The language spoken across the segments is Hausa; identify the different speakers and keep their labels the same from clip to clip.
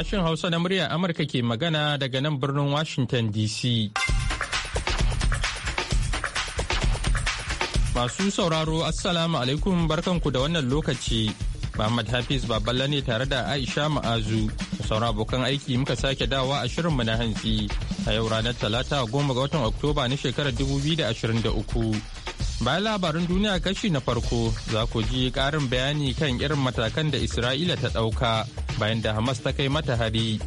Speaker 1: Sashen Hausa na muryar Amurka ke magana daga nan birnin Washington DC. Masu sauraro Assalamu alaikum barkanku da wannan lokaci. Muhammad Hafiz Baballa ne tare da Aisha Ma'azu. Saura abokan aiki muka sake dawa a shirin mu na hantsi a yau ranar Talata goma ga watan Oktoba na shekarar da uku Bayan labarin duniya kashi na farko za ku ji karin bayani kan irin matakan da Isra'ila ta ɗauka bayan da Hamas ta kai mata hari.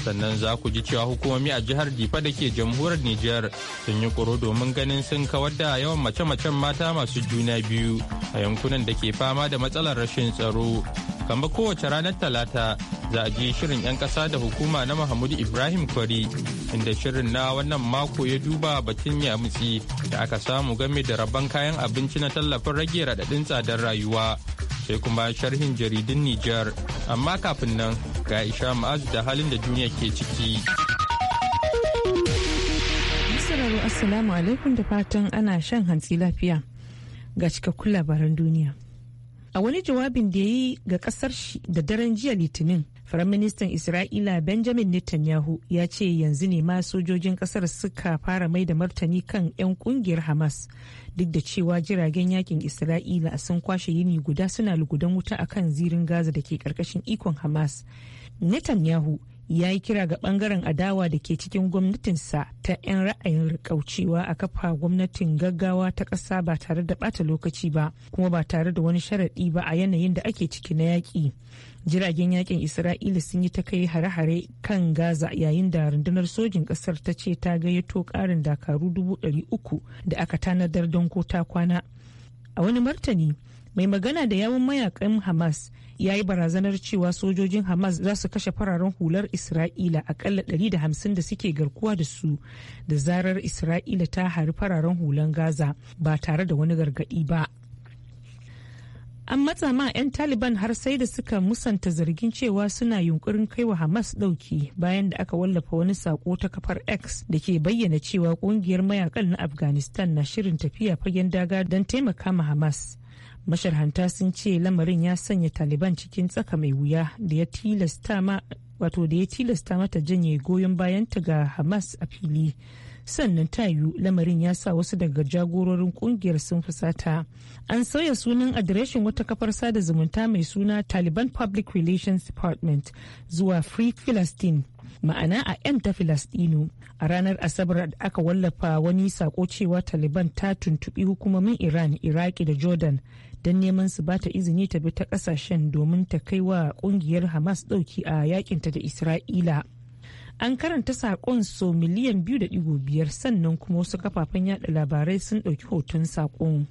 Speaker 1: Sannan za ku ji cewa hukumomi a jihar Difa da ke jamhuriyar Nijar sun yi ƙoro domin ganin sun kawar da yawan mace-macen mata masu juna biyu a yankunan da ke fama da matsalar rashin tsaro. kamar kowace ranar Talata za a ji shirin 'yan ƙasa da hukuma na mahmudu Ibrahim Kwari inda shirin na wannan mako ya duba batun yamutsi da aka samu game da rabon kayan abinci na tallafin rage raɗaɗin tsadar rayuwa. sai kuma sharhin jaridun Nijar. Amma kafin nan ga Isha Ma'azu da halin da duniya ke ciki.
Speaker 2: Masararru Assalamu alaikum da fatan ana shan hantsi lafiya ga cikakkun labaran duniya. A wani jawabin da ya yi ga kasar shi da daren jiya Litinin, Firaministan Isra'ila Benjamin Netanyahu ya ce yanzu ne ma sojojin kasar suka fara mai da martani kan 'yan kungiyar Hamas duk da cewa jiragen yakin Isra'ila sun kwashe yini guda suna lugudan wuta a kan zirin Gaza da ke karkashin ikon Hamas. Netanyahu ya yi kira ga bangaren adawa da ke cikin gwamnatinsa ta 'yan ra'ayin rikaucewa a kafa gwamnatin gaggawa ta ƙasa ba tare da ɓata lokaci ba kuma ba tare da wani sharaɗi ba a yanayin da ake ciki na yaƙi jiragen yakin isra'ila sun yi ta kai hare-hare kan gaza yayin da rundunar sojin kasar ta ce ta gayyato karin dakaru dubu uku da aka tanadar don ko ta kwana a wani martani mai magana da yawun mayakan hamas ya yi barazanar cewa sojojin hamas za su kashe fararen hular isra'ila akalla 150 da suke garkuwa da su da zarar isra'ila ta hari fararen hulan gaza ba tare da wani gargadi ba an matsa ma 'yan taliban har sai da suka musanta zargin cewa suna yunkurin kai wa hamas dauki bayan da aka wallafa wani sako ta kafar x da ke bayyana cewa kungiyar mayakan na afghanistan na shirin tafiya fagen daga don taimaka ma hamas masharhanta sun ce lamarin ya sanya taliban cikin tsaka mai wuya wato da ya tilasta mata janye goyon bayanta ga hamas a fili sannan ta yiwu lamarin ya sa wasu daga jagororin kungiyar sun fusata an sauya sunan adireshin wata kafar sada zumunta mai suna taliban public relations department zuwa free philistine ma'ana a 'yan ta filastino a ranar asabar da aka wallafa wani sako cewa taliban ta tuntubi hukumomin iran iraki da jordan don neman su bata izini ta bi ta kasashen domin ta kai wa kungiyar hamas dauki a yakinta da isra'ila an karanta saƙon so miliyan biyu da ɗigo biyar sannan kuma wasu kafafen yada labarai sun ɗauki hoton saƙon.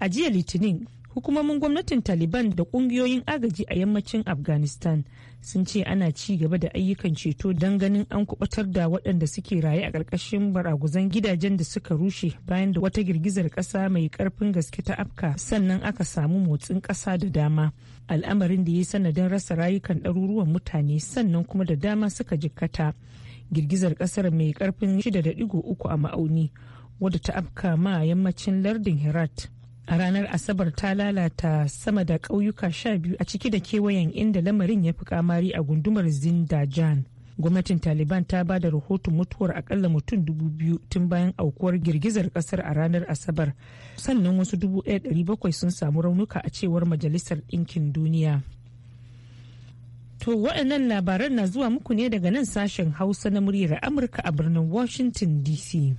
Speaker 2: A jiya Litinin, hukumomin gwamnatin taliban da kungiyoyin agaji a yammacin afghanistan sun ce ana ci gaba da ayyukan ceto don ganin an kubatar da waɗanda suke raye a ƙarƙashin baraguzan gidajen da suka rushe bayan da wata girgizar ƙasa mai ƙarfin gaske ta afka sannan aka samu motsin ƙasa da dama al'amarin da ya sanadin rasa rayukan ɗaruruwan mutane sannan kuma da dama suka jikkata girgizar ƙasar mai ƙarfin 6.3 a ma'auni wadda ta afka ma yammacin lardin herat a ranar asabar ta lalata sama da ƙauyuka sha biyu a ciki da kewayen inda lamarin ya fi kamari a gundumar zindajan gwamnatin taliban ta ba da rahoton mutuwar akalla mutum dubu biyu tun bayan aukuwar girgizar kasar a ranar asabar sannan wasu dubu bakwai sun samu raunuka a cewar majalisar ɗinkin duniya to waɗannan labaran na zuwa muku ne daga nan sashen hausa na muryar amurka a birnin washington dc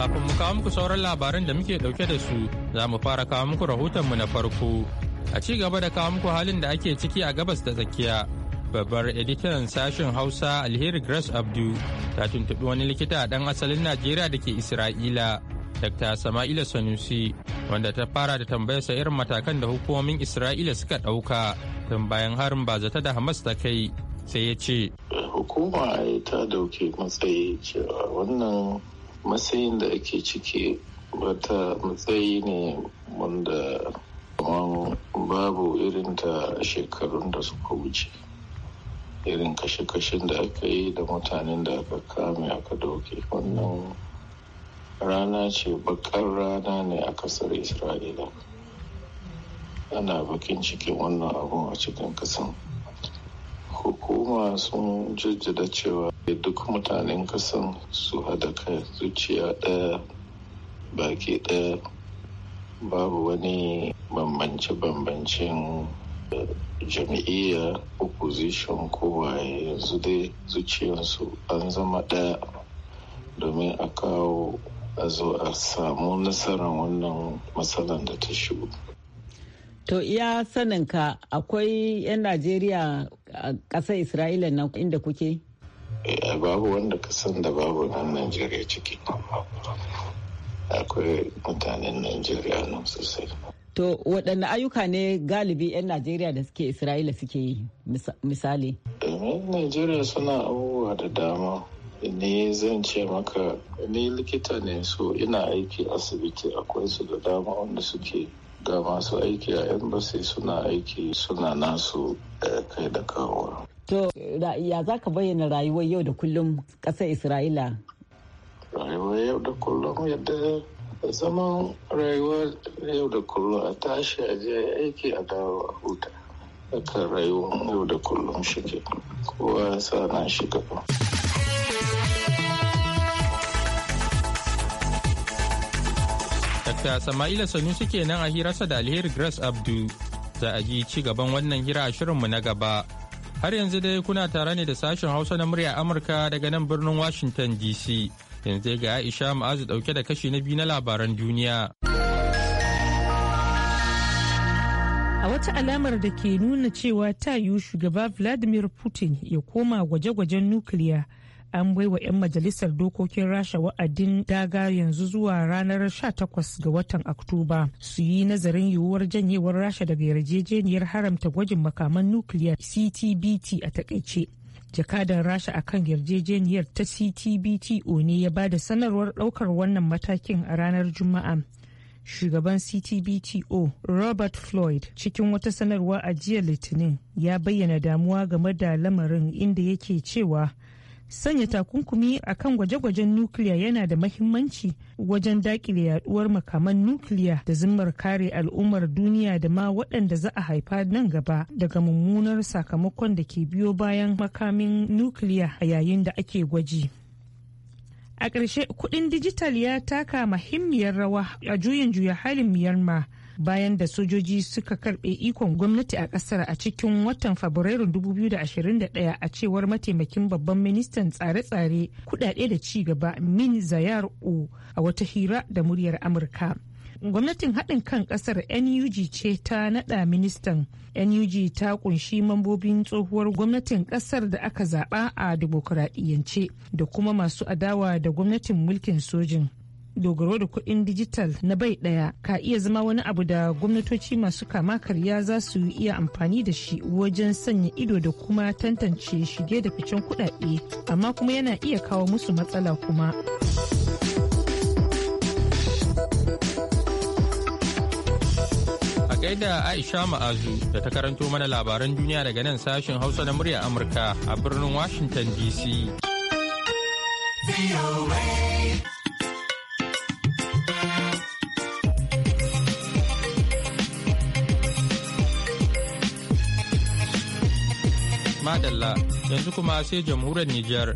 Speaker 1: Kafin mu kawo muku sauran labaran da muke dauke da su, za mu fara kawo muku rahotonmu na farko. A ci gaba da kawo muku halin da ake ciki a gabas da tsakiya. Babbar editan sashen Hausa Alheri Grace Abdu ta tuntubi wani likita dan asalin Najeriya da ke Isra'ila, Dr. Sama'ila Sanusi, wanda ta fara da tambayarsa irin matakan da hukumomin Isra'ila suka ɗauka tun bayan harin bazata da Hamas ta kai sai ya ce.
Speaker 3: Hukuma ta dauke matsayi cewa wannan matsayin da ake ciki wata matsayi ne wanda babu irin ta shekarun da suka
Speaker 4: wuce irin kashe-kashen da aka yi da mutanen da aka kame aka
Speaker 3: dauke wannan rana ce bakar rana ne a kasar isra'ila ana bakin cikin wannan abun a cikin kasan hukuma sun jaddada cewa duk mutanen kasan su hada kai zuciya ɗaya baki ɗaya babu wani bambance-bambancen eh, jam'iyyar opposition kowaye yanzu dai zuciyarsu an zama ɗaya domin a kawo a zo a samu nasarar wannan matsalar da ta shigo.
Speaker 5: To iya saninka akwai 'yan Najeriya ƙasar isra'ila nan inda kuke
Speaker 3: eh, babu wanda kasan da babu nan najeriya ciki akwai mutanen najeriya nan sosai
Speaker 5: to waɗanne ayyuka ne galibi 'yan najeriya da suke isra'ila suke yi misali
Speaker 3: yan najeriya suna abubuwa da dama ne zan ce maka ni likita ne so ina aiki asibiti akwai su da dama wanda suke ga masu aiki a embassy suna aiki suna nasu kai da
Speaker 5: kawo. To, ya za ka bayyana rayuwar yau da kullum ƙasar Isra'ila?
Speaker 3: Rayuwar yau da kullum yadda zaman rayuwar yau da kullum a tashi a je aiki a dawo a huta. Haka rayuwar yau da kullum shi ke kowa sa na shiga gaba.
Speaker 1: Dr. Sama'ila Sanusi nan a hirarsa da Alheri Grace Abdu. Za a ji ci gaban wannan hira a shirinmu na gaba. Har yanzu dai kuna tare ne da sashen Hausa na murya Amurka daga nan birnin Washington DC. Yanzu ga Aisha Ma'azu dauke da kashi na biyu na labaran duniya.
Speaker 2: A wata alamar da ke nuna cewa ta yiwu shugaba Vladimir Putin ya koma gwaje-gwajen nukiliya. an bai wa 'yan majalisar dokokin rasha wa'adin daga yanzu zuwa ranar 18 ga watan oktoba su yi nazarin yiwuwar janyewar rasha daga yarjejeniyar haramta gwajin makaman nukiliya ctbt a takaice jakadan rasha a kan yarjejeniyar ta ctbto ne ya ba da sanarwar daukar wannan matakin a ranar juma'a shugaban ctbto robert floyd cikin wata sanarwa a jiya litinin ya bayyana damuwa game da lamarin inda yake cewa sanya takunkumi a kan gwaje-gwajen nukiliya yana da mahimmanci wajen dakile yaduwar makaman nukiliya da zimmar kare al'ummar duniya da ma waɗanda za a haifa nan gaba daga mummunar sakamakon da ke biyo bayan makamin nukiliya a yayin da ake gwaji. A ƙarshe kuɗin dijital ya taka mahimmiyar rawa a juyin juya halin Myanmar bayan da sojoji suka karbe ikon gwamnati a kasar a cikin watan fabrairu 2021 a cewar mataimakin babban ministan tsare-tsare kudade da ci gaba min zayar o a wata hira da muryar amurka gwamnatin haɗin kan ƙasar nug ce ta naɗa ministan nug ta ƙunshi mambobin tsohuwar gwamnatin ƙasar da aka zaɓa a dimokuraɗiyyance da kuma masu adawa da gwamnatin mulkin sojin dogaro da kuɗin dijital na bai ɗaya ka iya zama wani abu da gwamnatoci masu kama karya za su iya amfani da shi wajen sanya ido da kuma tantance shige da ficen kuɗaɗe amma kuma yana iya kawo musu matsala kuma.
Speaker 1: gaida Aisha Ma'azu da ta karanto mana labaran duniya daga nan sashen Hausa na murya Amurka a birnin Washington DC. madalla yanzu kuma sai jamhuriyar Nijar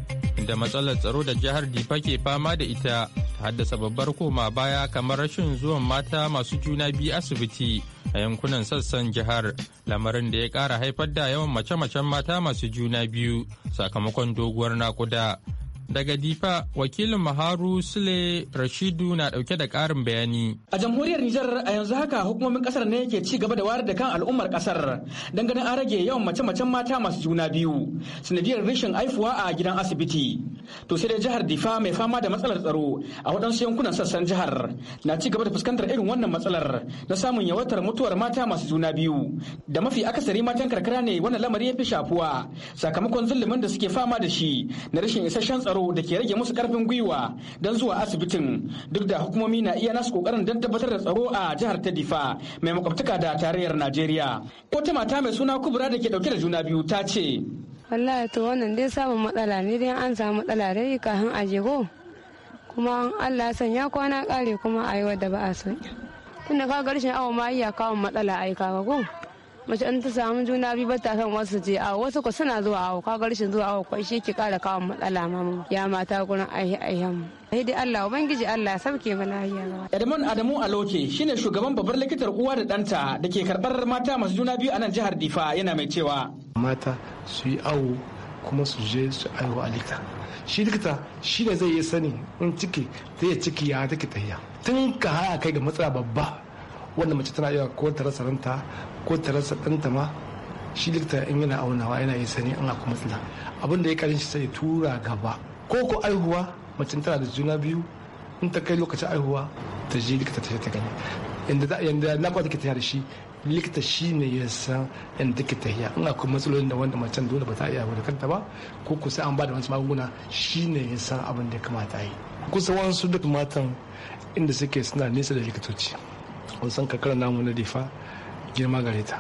Speaker 1: da matsalar tsaro da jihar Difa ke fama da ita ta haddasa babbar koma baya kamar rashin zuwan mata masu juna biyu asibiti a yankunan sassan jihar lamarin da ya kara haifar da yawan mace-macen mata masu juna biyu sakamakon doguwar nakuda Daga Difa, wakilin Maharu Sule Rashidu na dauke da karin bayani.
Speaker 5: A jamhuriyar Nijar a yanzu haka hukumomin kasar ne ke ci gaba da wayar da kan al'ummar kasar dangane an rage yawan mace-macen mata masu juna biyu sanadiyar rashin haifuwa a gidan asibiti. To sai dai jihar Difa mai fama da matsalar tsaro a waɗansu yankunan sassan jihar na ci gaba da fuskantar irin wannan matsalar na samun yawatar mutuwar mata masu juna biyu da mafi akasari matan karkara ne wannan lamari ya fi shafuwa sakamakon zulumin da suke fama da shi na rashin isasshen tsaro tsaro da ke rage musu karfin gwiwa don zuwa asibitin duk da hukumomi na iya nasu kokarin don tabbatar da tsaro a jihar ta difa mai makwabtaka da tarayyar najeriya wata mata mai suna kubura da ke dauke da juna biyu ta ce
Speaker 2: wallahi to wannan dai samun matsala ne dai an samu matsala dai kafin a go kuma allah sanya kwana kare kuma a yi wadda ba a so tunda ka garshen awa ma iya kawo matsala ai kawo ko mace an ta samu juna biyu ba ta kan wasu je A wasu ko suna zuwa awo ka ga rashin zuwa awo ko shi ke kara kawo matsala ma mu. ya mata gurin aihe aihen sai dai Allah ubangiji Allah sauke mu lafiya
Speaker 5: Edmond Adamu Aloke shine shugaban babbar likitar uwa da danta da ke karbar mata masu juna biyu a nan jihar Difa yana mai cewa
Speaker 6: mata su yi awo kuma su je su aiwo a likita shi likita shi ne zai yi sani in ciki ta yi ciki ya take tayya tun ka haya kai ga matsala babba wanda mace tana iya ko rasa ranta ko ta rasa ɗanta ma shi likita in yana aunawa yana yi sani ana kuma matsala abin da ya karin shi sai tura gaba ko ko aihuwa mace tana da juna biyu in ta kai lokacin aihuwa ta je likita ta ta gani yanda yanda na kwata ke da shi likita shi ne ya san yanda take tahiya in akwai matsalolin da wanda macen dole ba ta iya da kanta ba ko kusa an ba da wasu magunguna shi ne ya san abin da ya kamata yi kusa wasu duk matan inda suke suna nesa da likitoci wasan kakar namu na difa girma gare ta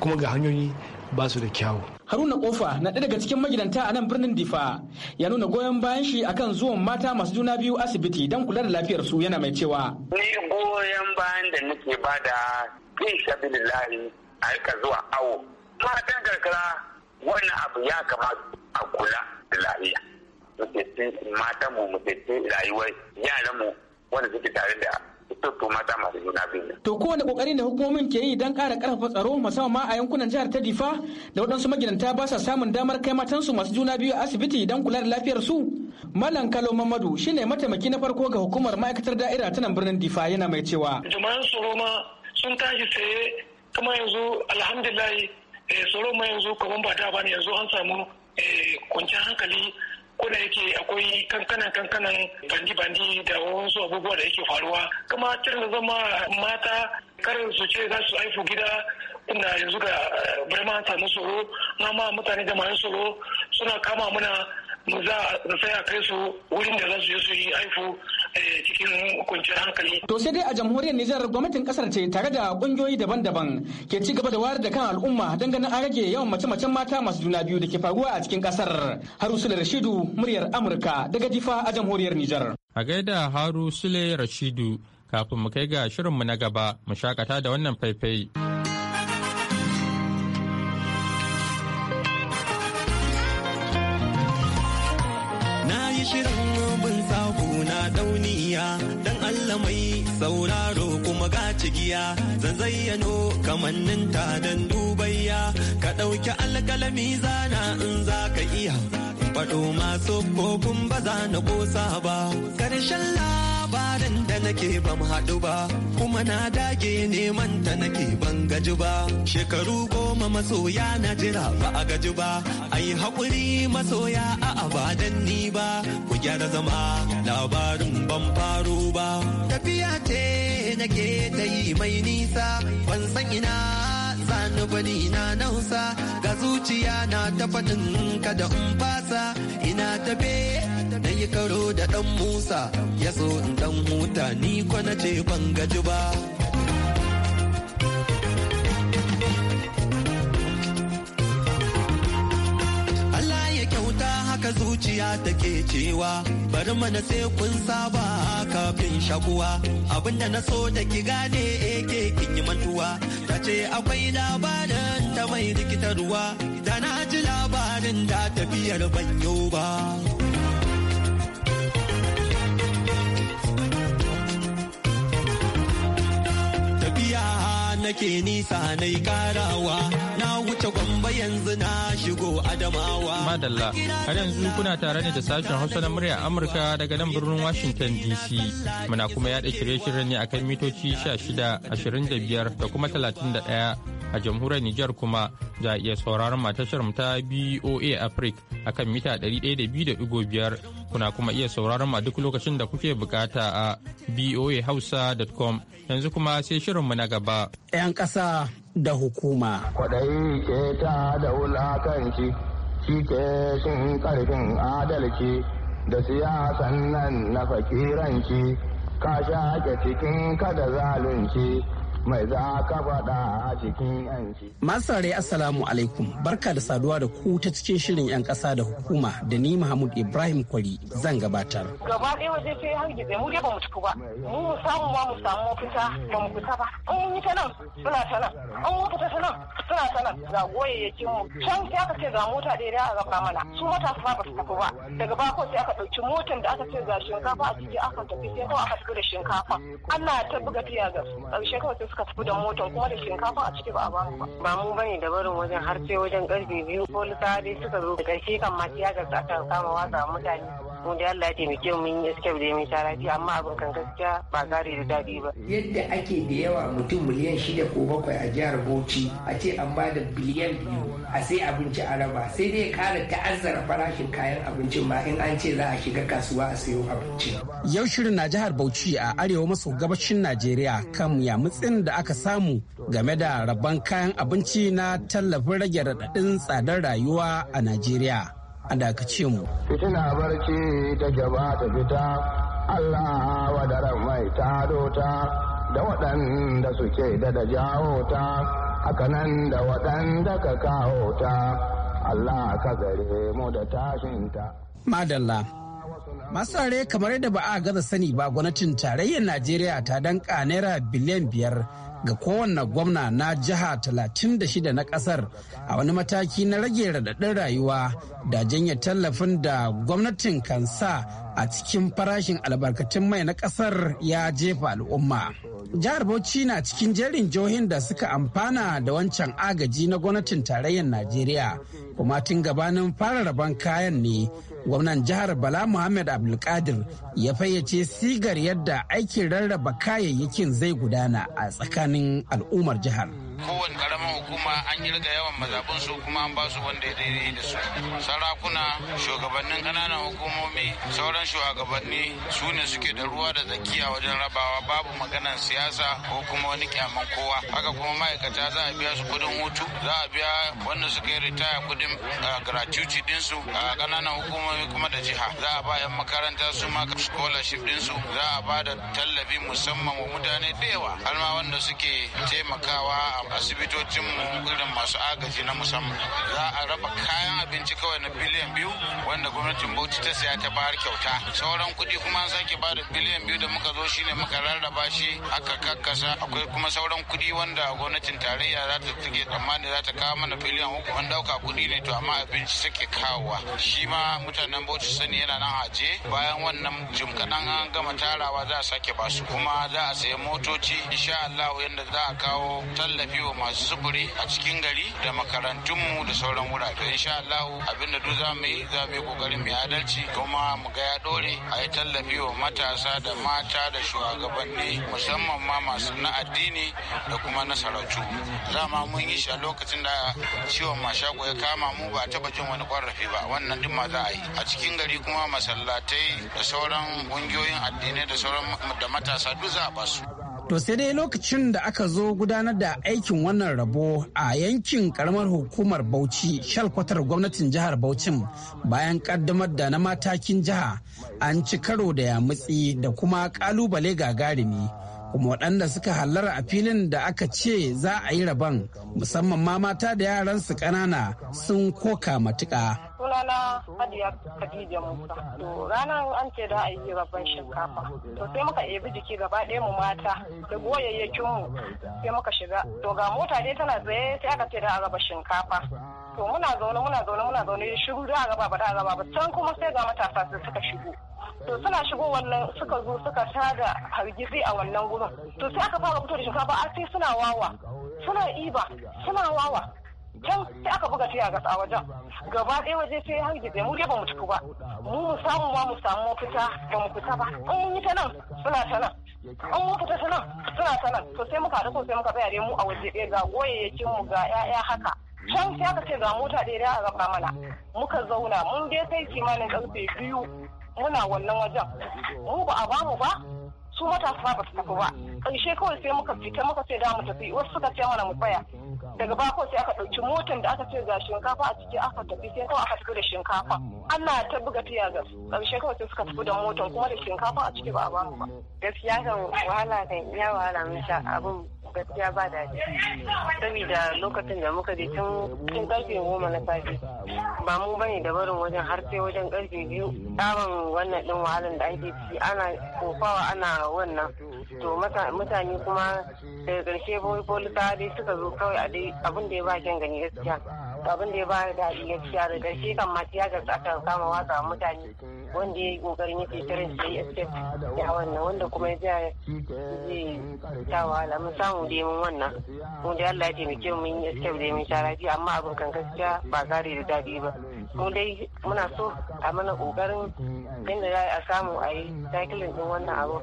Speaker 6: kuma ga hanyoyi ba su da kyawu
Speaker 5: haruna kofa na daga cikin magidanta a nan birnin difa ya nuna goyon bayan shi akan zuwan mata masu juna biyu asibiti don kula da lafiyarsu yana mai cewa
Speaker 7: ni goyon bayan da nake
Speaker 8: da da
Speaker 9: sabilillahi a ka zuwa awo matan karkara wannan abu ya kamata a kula da lafiya matan mu mutattu rayuwar yaran mu wanda suke tare da to mata masu juna biyu.
Speaker 4: To
Speaker 5: kowane kokari da hukumomin ke yi don kara karfafa tsaro musamman ma a yankunan jihar ta Difa da waɗansu magidanta ba sa samun damar kai matansu masu juna biyu a asibiti don kula da lafiyar su. Malam Kalo Mamadu shine mataimaki na farko ga hukumar ma'aikatar da'ira ta nan birnin Difa yana mai cewa.
Speaker 10: Jama'an
Speaker 4: tsaro ma
Speaker 10: sun tashi tsaye kuma yanzu alhamdulillah eh, tsaro ma yanzu kamar ba da ba yanzu an samu eh, kwanciyar hankali ko da yake akwai kankanan kankanan bandi-bandi da wasu abubuwa da yake faruwa kuma da zama mata karin su ce za su haifu gida inda yanzu ga eh, birman na tsoro na ma mutane da masu tsoro suna kama muna za a kai su wurin da za su su yi aifu eh, cikin kwanciyar hankali. To sai dai
Speaker 5: a jamhuriyar Nijar gwamnatin kasar ce tare da kungiyoyi daban-daban ke ci gaba da wayar da kan al'umma dangane ganin an rage yawan mace-macen mata masu juna biyu da ke faruwa a cikin kasar. Harusula Rashidu muryar Amurka daga jifa a jamhuriyar
Speaker 1: Nijar. A gaida Haru Sule Rashidu kafin mu kai ga shirinmu na gaba mu shakata da wannan faifai.
Speaker 9: malamai sauraro kuma ga cigiya zan zayyano kamanninta don dubayya ka ɗauki alkalami zana in za ka iya faɗo masu kogun ba za na ƙosa ba Karshen labarin da nake ban haɗu ba kuma na dage neman ta nake ban gaji ba shekaru goma masoya na jira ba a gaji ba ai haƙuri masoya a abadan ni ba ku gyara zama labarin ban faru ba tafiya ce nake ta yi mai nisa ban san ina sani bani na nausa ga zuciya na ta faɗin kada in fasa ina tafe na yi karo da ɗan musa ya so in ɗan huta ni na ce ban gaji ba. ta zuciya take cewa bari mana sai kun saba kafin shakuwa abinda na so da ki gane ake eh, kin yi mantuwa ta ce akwai labarin ta mai rikitarwa da na ji labarin da tafiyar ban ba. nake nisa na karawa na wuce gwamba yanzu na
Speaker 1: shigo adamawa. Madalla, har yanzu kuna tare ne da sashen Hausa na murya Amurka daga nan birnin Washington DC. Muna kuma yaɗa shirye-shiryen ne akan mitoci 16, 25 da kuma 31 a jamhuriyar Nijar kuma za a iya sauraron matashar ta BOA Africa akan mita 102.5 Kuna kuma iya sauraron mu a duk lokacin da kuke bukata a boahausa.com yanzu kuma sai shirin mu na
Speaker 4: gaba.
Speaker 7: 'Yan ƙasa da hukuma.
Speaker 4: Kwaɗayi ke ta da wulakanci, shi ke sun ƙarfin adalci da siyasan nan na fakiranci, ka shaƙe cikin kada zalunci. mai za ka faɗa a cikin yanci.
Speaker 7: Masu saurari Assalamu alaikum barka da saduwa da ku ta cikin shirin 'yan ƙasa da hukuma da ni Mahmud Ibrahim Kwari zan gabatar.
Speaker 10: Gaba ɗaya waje sai har gizo mu dai ba mu tuku ba mu mu samu ba mu samu mafita ba mu fita ba an yi ta nan suna ta nan an mun fita ta nan suna ta nan ga goyayyakin mu can sai aka ce ga mota ɗaya da aka mana su matasa ba su tafi ba daga bako sai aka ɗauki motan da aka ce ga shinkafa a ciki aka tafi sai kawai aka tafi da shinkafa Allah ta buga fiya ga ƙarshe kawai
Speaker 11: suka tafi da motar kuma da shinkafa a ciki ba a ba mu ba mu bane da barin wajen har sai wajen
Speaker 9: karfe biyu
Speaker 11: ko lissafi suka zo da karfe kan ma tiyagar ta kama watsa mutane mun da Allah ya taimake mu mun yi escape da mai sha lafiya amma abin kan gaskiya ba gari da daɗi ba yadda ake
Speaker 12: da yawa mutum miliyan shida ko bakwai a jihar Bauchi a ce an ba da biliyan biyu a sai abinci a raba sai dai kara ta'azzara farashin kayan abincin ma in an ce za a shiga kasuwa a sayo
Speaker 9: abinci
Speaker 7: yau shirin na jihar Bauchi a arewa maso gabashin Najeriya kan yamutsin da aka samu game da rabon kayan abinci na tallafin rage raɗaɗin tsadar rayuwa a Najeriya. a dakace mu.
Speaker 4: Fitina barci ta gaba ta fita, Allah wadaran mai ta ta da waɗanda suke da da jawo ta, nan da waɗanda ka kawo ta, Allah ka gare mu da tashinta.
Speaker 7: Madalla. Masu kamar yadda ba a gaza sani ba gwamnatin tarayyar Najeriya ta danka naira biliyan biyar ga kowanne gwamna na jiha 36 na kasar a wani mataki na rage radadin rayuwa da janye tallafin da gwamnatin kan sa a cikin farashin albarkatun mai na kasar ya jefa al'umma. Jihar Bauchi na cikin jerin jihohin da suka amfana da wancan agaji na gwamnatin tarayyar Najeriya kuma tun gabanin fara rabon kayan ne gwamnan jihar bala muhammad abdulkadir ya fayyace sigar yadda aikin rarraba kayayyakin zai gudana a tsakanin al'ummar jihar
Speaker 8: kowane karamin kuma an yi kirga yawan mazabin su kuma an ba su wanda ya daidai da su sarakuna shugabannin kananan hukumomi sauran shugabanni su ne suke da ruwa da tsakiya wajen rabawa babu maganar siyasa ko kuma wani kyaman kowa haka kuma ma'aikata za a biya su kudin hutu za a biya wanda suka yi ritaya kudin ah, gratuity su? a kananan hukumomi kuma da jiha za a ba 'yan makaranta su ma scholarship su? za a ba da tallafi musamman wa mutane da yawa har ma wanda suke taimakawa a mu. irin masu agaji na musamman za a raba kayan abinci kawai na biliyan biyu wanda gwamnatin bauchi ta saya ta bayar kyauta sauran kuɗi kuma an sake ba da biliyan biyu da muka zo shine muka rarraba shi aka kakkasa akwai kuma sauran kuɗi wanda gwamnatin tarayya za ta tsige tsammani za ta kawo mana biliyan uku an ɗauka kuɗi ne to amma abinci suke kawowa shi ma mutanen bauchi sani yana nan aje bayan wannan jim kaɗan an gama tarawa za a sake basu kuma za a sayi motoci insha Allah yadda za a kawo tallafi wa masu sufuri a cikin gari da makarantunmu da sauran wurare insha Allah abinda duk za mu yi za mu yi kokarin mu adalci kuma mu ga ya dore a yi tallafi wa matasa da mata da shugabanni musamman ma masu na addini da kuma na sarautu dama mun yi shi a lokacin da ciwon mashako ya kama mu ba taba jin wani ƙwarrafi ba wannan duk ma za a yi a cikin gari kuma masallatai da sauran ƙungiyoyin addinai da sauran da matasa duk za a basu.
Speaker 7: To sai dai lokacin da aka zo gudanar da aikin wannan rabo a yankin karamar hukumar Bauchi shalkwatar gwamnatin jihar Bauchin bayan kaddamar da na matakin jiha an ci karo da yamutsi da kuma kalubale gagarumi. kuma waɗanda suka hallara a filin da aka ce za a yi rabon musamman ma mata da yaran su ƙanana sun koka matuƙa
Speaker 10: Hadiya Khadija Musa. To ranar an ce da a yi rabban shinkafa. To sai muka ebi jiki gaba ɗaya mu mata da goyayyakin mu sai muka shiga. To ga mota dai tana tsaye sai aka ce da a raba shinkafa. To muna zaune muna zaune muna zaune shiru da a raba ba da a raba ba can kuma sai ga matasa su suka shigo. to suna shigo wannan suka zo suka tada hargitsi a wannan gurin to sai aka fara fito da shinkafa a sai suna wawa suna iba suna wawa can sai aka buga tiya gasa wajen gaba ɗaya waje sai ya hargitse mu dai ba mu ciku ba mu mu samu ma mu samu mafita ba mu fita ba in mun yi ta nan suna ta nan an mu fita ta nan suna ta nan to sai muka haɗu sai muka tsaya mu a waje ɗaya ga goyayyakin mu ga 'ya'ya haka can sai aka ce ga mota ɗaya da aka mana muka zauna mun dai kai kimanin ƙarfe biyu muna wannan wajen mu ba a bamu ba su matasa ba su tafi ba ƙarshe kawai sai muka fita muka ce da mu tafi wasu suka ce mana mu tsaya daga bako sai aka ɗauki motan da aka ce ga shinkafa a ciki aka tafi sai kawai aka tafi da shinkafa Allah ta buga tiya ga ƙarshe kawai sai suka tafi da motar kuma da shinkafa a ciki ba a bamu ba gaskiya kan wahala kan ya wahala mun sha abun gaskiya
Speaker 11: ba daɗi saboda lokacin da muka je tun karfe goma na safe ba mu bane da barin wajen har sai wajen karfe biyu tsarin wannan din wahalar da ake ci ana kofawa ana wannan to mutane kuma daga karshe polisa dai suka zo kawai a dai abin da ya ba kyan gani gaskiya abin da ya ba da ya ciya da shi kan ma ya gasa kan kama watsa mutane wanda ya yi kokarin ya fitarin shi ya escape ya wannan wanda kuma ya ja zai ta wahala mun samu da mun wannan mun da Allah ya taimake mu mun escape da mun sha lafiya amma abin kan gaskiya ba gari da dadi ba mu dai muna so a mana kokarin inda za a samu a yi cycling din wannan abu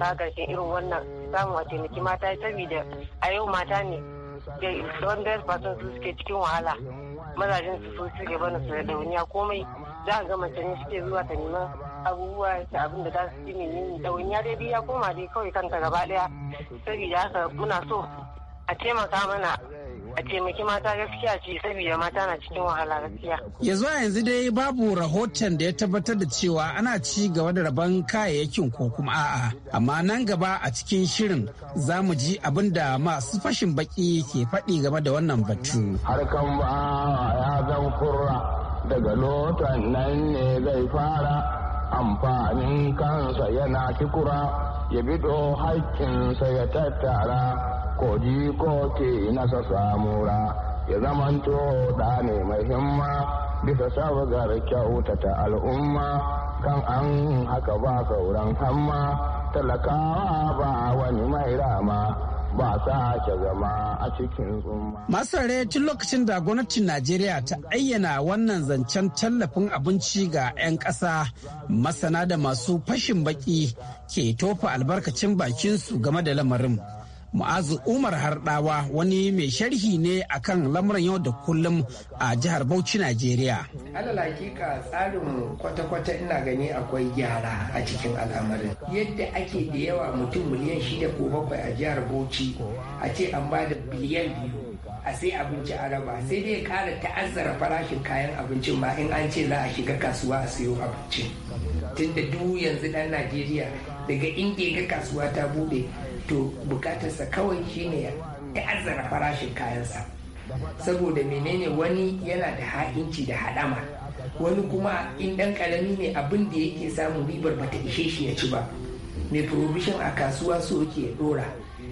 Speaker 11: ta karshen irin wannan samu a taimaki mata saboda a yau mata ne 100 percent su suke cikin wahala mazajen su su suke bana su da dauniya komai za a ga mace ne suke zuwa ta neman abubuwa da abin da za su ci ne dauniya dai ya koma dai kawai kanta gaba daya saboda haka muna so a taimaka mana a taimaki mata gaskiya ce saboda mata na cikin wahala gaskiya
Speaker 7: ya a yanzu dai babu rahoton da ya tabbatar da cewa ana ci gaba da rabon kayayyakin ko kuma a'a amma nan gaba a cikin shirin za mu ji abin da masu fashin baki ke faɗi game da wannan batu
Speaker 4: harkan ba ya zan kurra daga lotan nan ne zai fara amfanin kansa yana kikura ya bido haƙƙinsa ya tattara ko ko ke nasa samura ya zamanto da ne mai himma bisa sabgar kyautata al'umma kan an haka ba sauran hamma talakawa ba wani mai rama ba sake zama a cikin tsumma.
Speaker 7: Masare tun lokacin da gwamnatin Najeriya ta ayyana wannan zancen tallafin abinci ga 'yan ƙasa masana da masu fashin baki ke tofa albarkacin bakinsu game da lamarin. Mu'az Umar Hardawa wani mai sharhi ne akan lamuran yau da kullum a jihar Bauchi, Najeriya.
Speaker 12: Alal tsarin kwata-kwata ina gani akwai gyara a cikin al'amarin. Yadda ake da yawa mutum miliyan shida ko bakwai a jihar Bauchi a ce an ba da biliyan biyu a sai abinci a raba sai dai kara ta'azzara farashin kayan abincin ma in an ce za a shiga kasuwa a siyo abinci tunda duk yanzu dan najeriya daga inda ga kasuwa ta bude to bukatarsa kawai shine ya ta'azzara farashin kayansa saboda menene wani yana da ha'inci da hadama wani kuma in ɗan kalami ne abin da yake samun ribar bata ishe shi ya ci ba mai provision a kasuwa so yake ɗora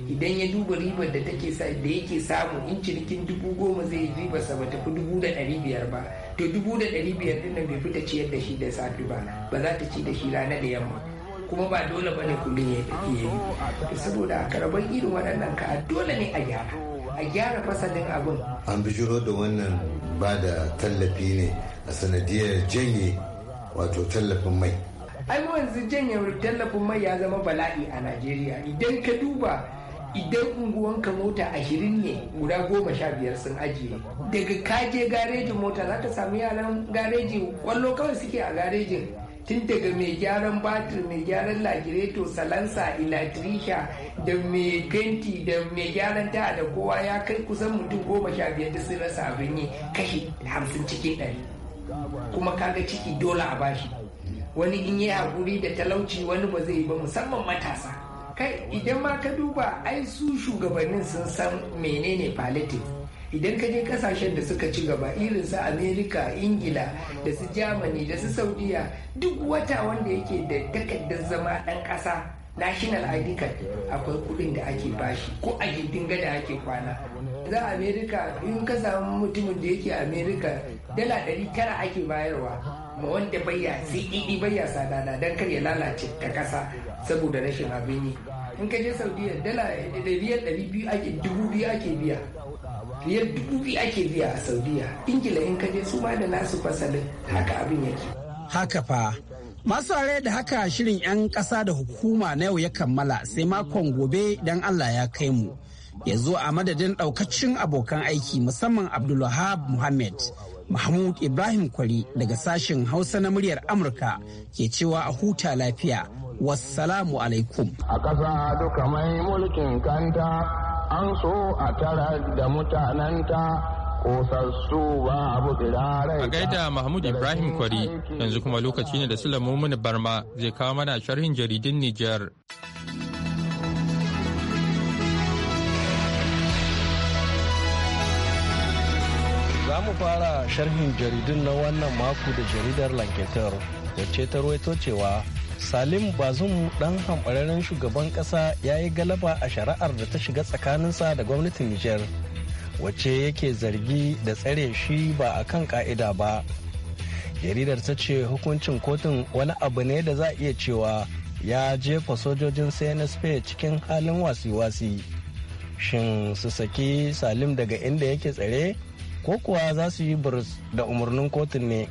Speaker 12: idan ya duba ribar da take da yake samu in cinikin dubu goma zai riba sa bata fi dubu da ɗari biyar ba to dubu da ɗari biyar ɗin nan bai fita ciyar da shi da safi ba ba za ta ci da shi rana da yamma kuma ba dole ba ne kullum ya ya yi saboda a karɓar irin waɗannan ka dole ne a gyara a gyara fasalin abin
Speaker 4: an bijiro da wannan ba da tallafi ne a sanadiyar janye wato tallafin mai
Speaker 12: ai yanzu janye tallafin mai ya zama bala'i a najeriya idan ka duba idan unguwarka mota ashirin ne guda goma sha biyar sun ajiye daga kaje garejin mota za ka samu yaran gareji kwallo kawai suke a garejin tun daga mai gyaran batir mai gyaran lagireto salansa ilatrika da mai fenti da mai gyaran ta da kowa ya kai kusan mutum goma sha biyar da sun rasa abin yi kashi hamsin cikin ɗari kuma kaga ciki dole a bashi wani in yi haƙuri da talauci wani ba zai yi ba musamman matasa kai idan ma ka duba ai su shugabannin sun san menene politics idan ka je kasashen da suka ci gaba irin su amerika ingila da su germany da su saudiya duk wata wanda yake da takardar zama dan kasa national id card akwai kudin da ake bashi ko a gindin gada ake kwana za amerika in ka samu mutumin da yake amerika dala 900 ake bayarwa ma wanda sai cdd e e baya sadana don kar ya lalace ta kasa saboda rashin abin yi in ka je saudiya dala 500 ake dubu biyu ake biya fiye dubu ake biya a saudiya ingila in kaje su ma da nasu fasalin haka abin yake
Speaker 7: haka fa masu are da haka shirin 'yan ƙasa da hukuma na yau ya kammala sai makon gobe don allah ya kai mu ya zo a madadin ɗaukacin abokan aiki musamman abdulwahab muhammad mahmud ibrahim kwari daga sashen hausa na muryar amurka ke cewa a huta lafiya wassalamu alaikum
Speaker 4: a ƙasa duka mai mulkin kanta an so a tara da mutananta kosassu ba abu tsirarai. A gaida
Speaker 1: Mahmud Ibrahim Kwari yanzu kuma lokaci ne da Sulaimu mini Barma zai kawo mana sharhin jaridin Nijar.
Speaker 6: Za mu fara sharhin jaridun na wannan mako da jaridar Lanketer wacce ta ruwaito cewa salim bazum dan hamɓararren shugaban ƙasa ya yi galaba a shari'ar da ta shiga tsakaninsa da gwamnatin nijar wacce yake zargi da tsare shi ba a kan ka'ida ba jaridar ta ce hukuncin kotun wani abu ne da za a iya cewa ya jefa sojojin cnsp cikin halin wasi-wasi shin su saki salim daga inda yake tsare ko kuwa za su yi burus da umarnin kotun ne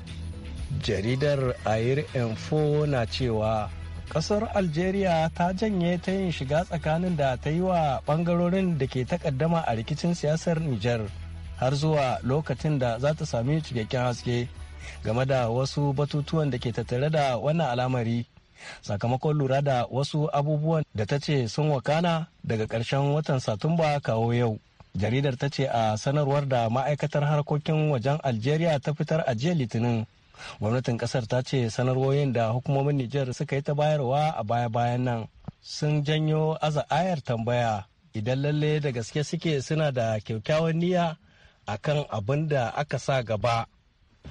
Speaker 6: jaridar air info na cewa kasar algeria ta janye ta yin shiga tsakanin da ta yi wa bangarorin da ke takaddama a rikicin siyasar niger har zuwa lokacin da za ta sami cikakken haske game da wasu batutuwan da ke tattare da wannan al'amari sakamakon lura da wasu abubuwan da ta ce sun wakana daga ƙarshen watan satumba kawo yau jaridar ta ce a sanarwar da ma'aikatar harkokin wajen algeria ta fitar a jiya litinin gwamnatin kasar ta ce sanarwoyin da hukumomin nijar suka yi ta bayarwa a baya-bayan nan sun janyo aza'ayar tambaya idan lalle da gaske suke suna da kyakkyawan niyya a kan abin da aka sa gaba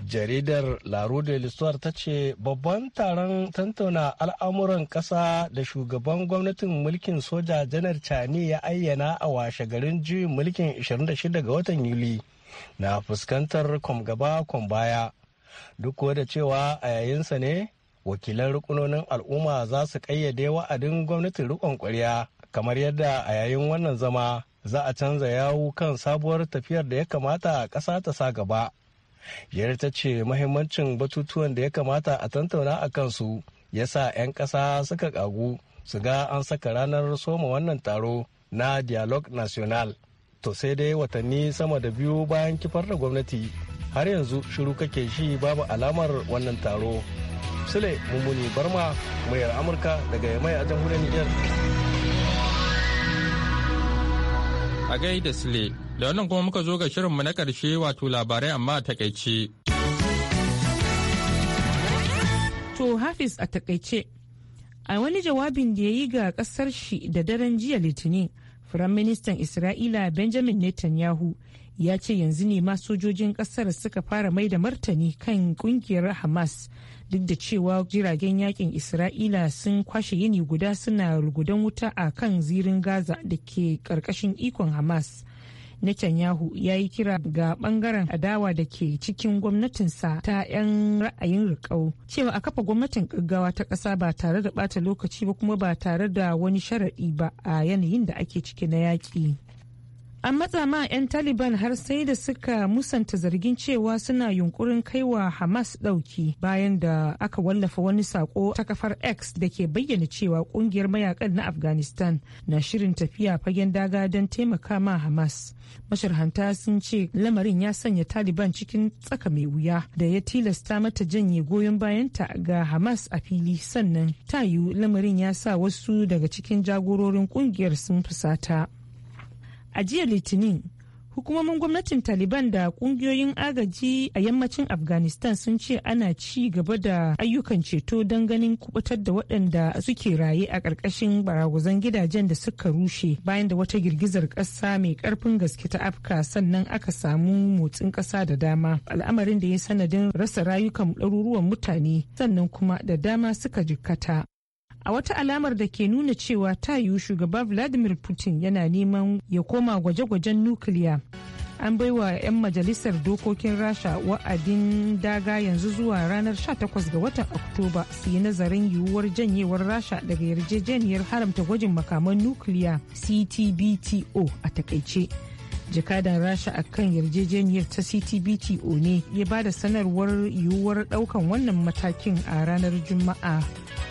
Speaker 6: jaridar Larude Lissuwar ta ce babban taron tantauna al'amuran ƙasa da shugaban gwamnatin mulkin soja janar Chani ya ayyana a washe garin juyin mulkin 26 ga watan yuli na fuskantar kwamgaba baya duk kuwa da cewa a yayinsa ne wakilan rukunonin al'umma za su ƙayyade wa'adin gwamnatin rikon ƙwarya kamar yadda a yayin wannan zama za a canza yawu kan sabuwar tafiyar da ya kamata ƙasa ta sa gaba Yar ta ce mahimmancin batutuwan da ya kamata a tantauna a kansu ya sa 'yan ƙasa suka ƙagu su ga an saka ranar soma wannan taro na dialogue national to sai dai watanni sama da biyu bayan kifar da gwamnati har yanzu shiru kake shi babu alamar wannan taro sule mummuni barma mayar amurka
Speaker 1: daga yamai a jamhuriyar niger a da sule da wannan kuma muka zo ga shirinmu na karshe wato labarai amma a takaice
Speaker 2: to hafiz a takaice a wani jawabin da ya yi ga kasar shi da daren jiya litinin firaministan isra'ila benjamin netanyahu ya ce yanzu ne ma sojojin kasar suka fara mai da martani kan kungiyar hamas duk da cewa jiragen yakin isra'ila sun kwashe yini guda suna rugudan wuta a kan zirin gaza da ke karkashin ikon hamas netanyahu ya yi kira ga bangaren adawa da ke cikin gwamnatinsa ta 'yan ra'ayin rikau cewa a kafa gwamnatin gaggawa ta ƙasa ba tare da bata lokaci ba kuma ba tare da wani sharaɗi ba a yanayin da ake ciki na yaƙi An matsa ma 'yan Taliban har sai da suka musanta zargin cewa suna yunkurin kaiwa Hamas ɗauki bayan da aka wallafa wani sako ta kafar X da ke bayyana cewa kungiyar mayakan na Afghanistan na shirin tafiya fagen daga don taimaka ma Hamas. Masharhanta sun ce lamarin ya sanya Taliban cikin tsaka mai wuya da ya tilasta mata janye goyon bayanta ga Hamas a fili sannan tayu lamarin ya sa wasu daga cikin jagororin kungiyar sun fusata. a jiya litinin hukumomin gwamnatin taliban da kungiyoyin agaji a yammacin afghanistan sun ce ana ci gaba da ayyukan ceto don ganin kubutar da waɗanda suke raye a ƙarƙashin baraguzan gidajen da suka rushe bayan da wata girgizar ƙasa mai ƙarfin gaske ta afka sannan aka samu motsin ƙasa da dama al'amarin da ya sanadin rasa rayukan ɗaruruwan mutane sannan kuma da dama suka jikkata a wata alamar da ke nuna cewa ta yiwu shugaba vladimir putin yana neman ya koma gwaje-gwajen nukiliya an baiwa 'yan majalisar dokokin rasha wa'adin daga yanzu zuwa ranar 18 ga watan oktoba su yi nazarin yiwuwar janyewar rasha daga yarjejeniyar haramta gwajin makaman nukiliya ctbto a takaice jakadan rasha a kan yarjejeniyar ta ctbto ne ya ba da sanarwar yiwuwar daukan wannan matakin a ranar juma'a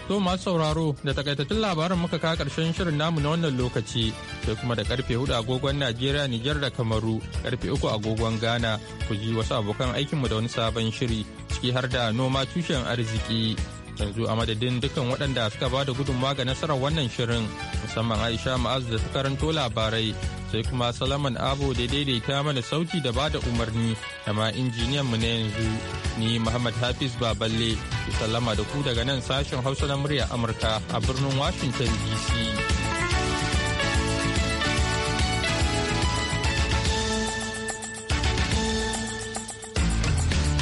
Speaker 1: to masu sauraro da takaitattun labaran muka ka karshen shirin namu na wannan lokaci sai kuma da karfe hudu agogon najeriya nijar da kamaru karfe uku agogon ghana ku ji wasu abokan aikinmu da wani sabon shiri ciki har da noma tushen arziki yanzu a madadin dukkan waɗanda suka ba da gudunmawa ga nasarar wannan shirin musamman aisha ma'azu da ta karanto labarai sai kuma salaman abu da daidaita mana sauki da ba da umarni da ma injiniyan mu na yanzu ni muhammad hafiz baballe ki sallama da ku daga nan sashen hausa na murya amurka a birnin washington dc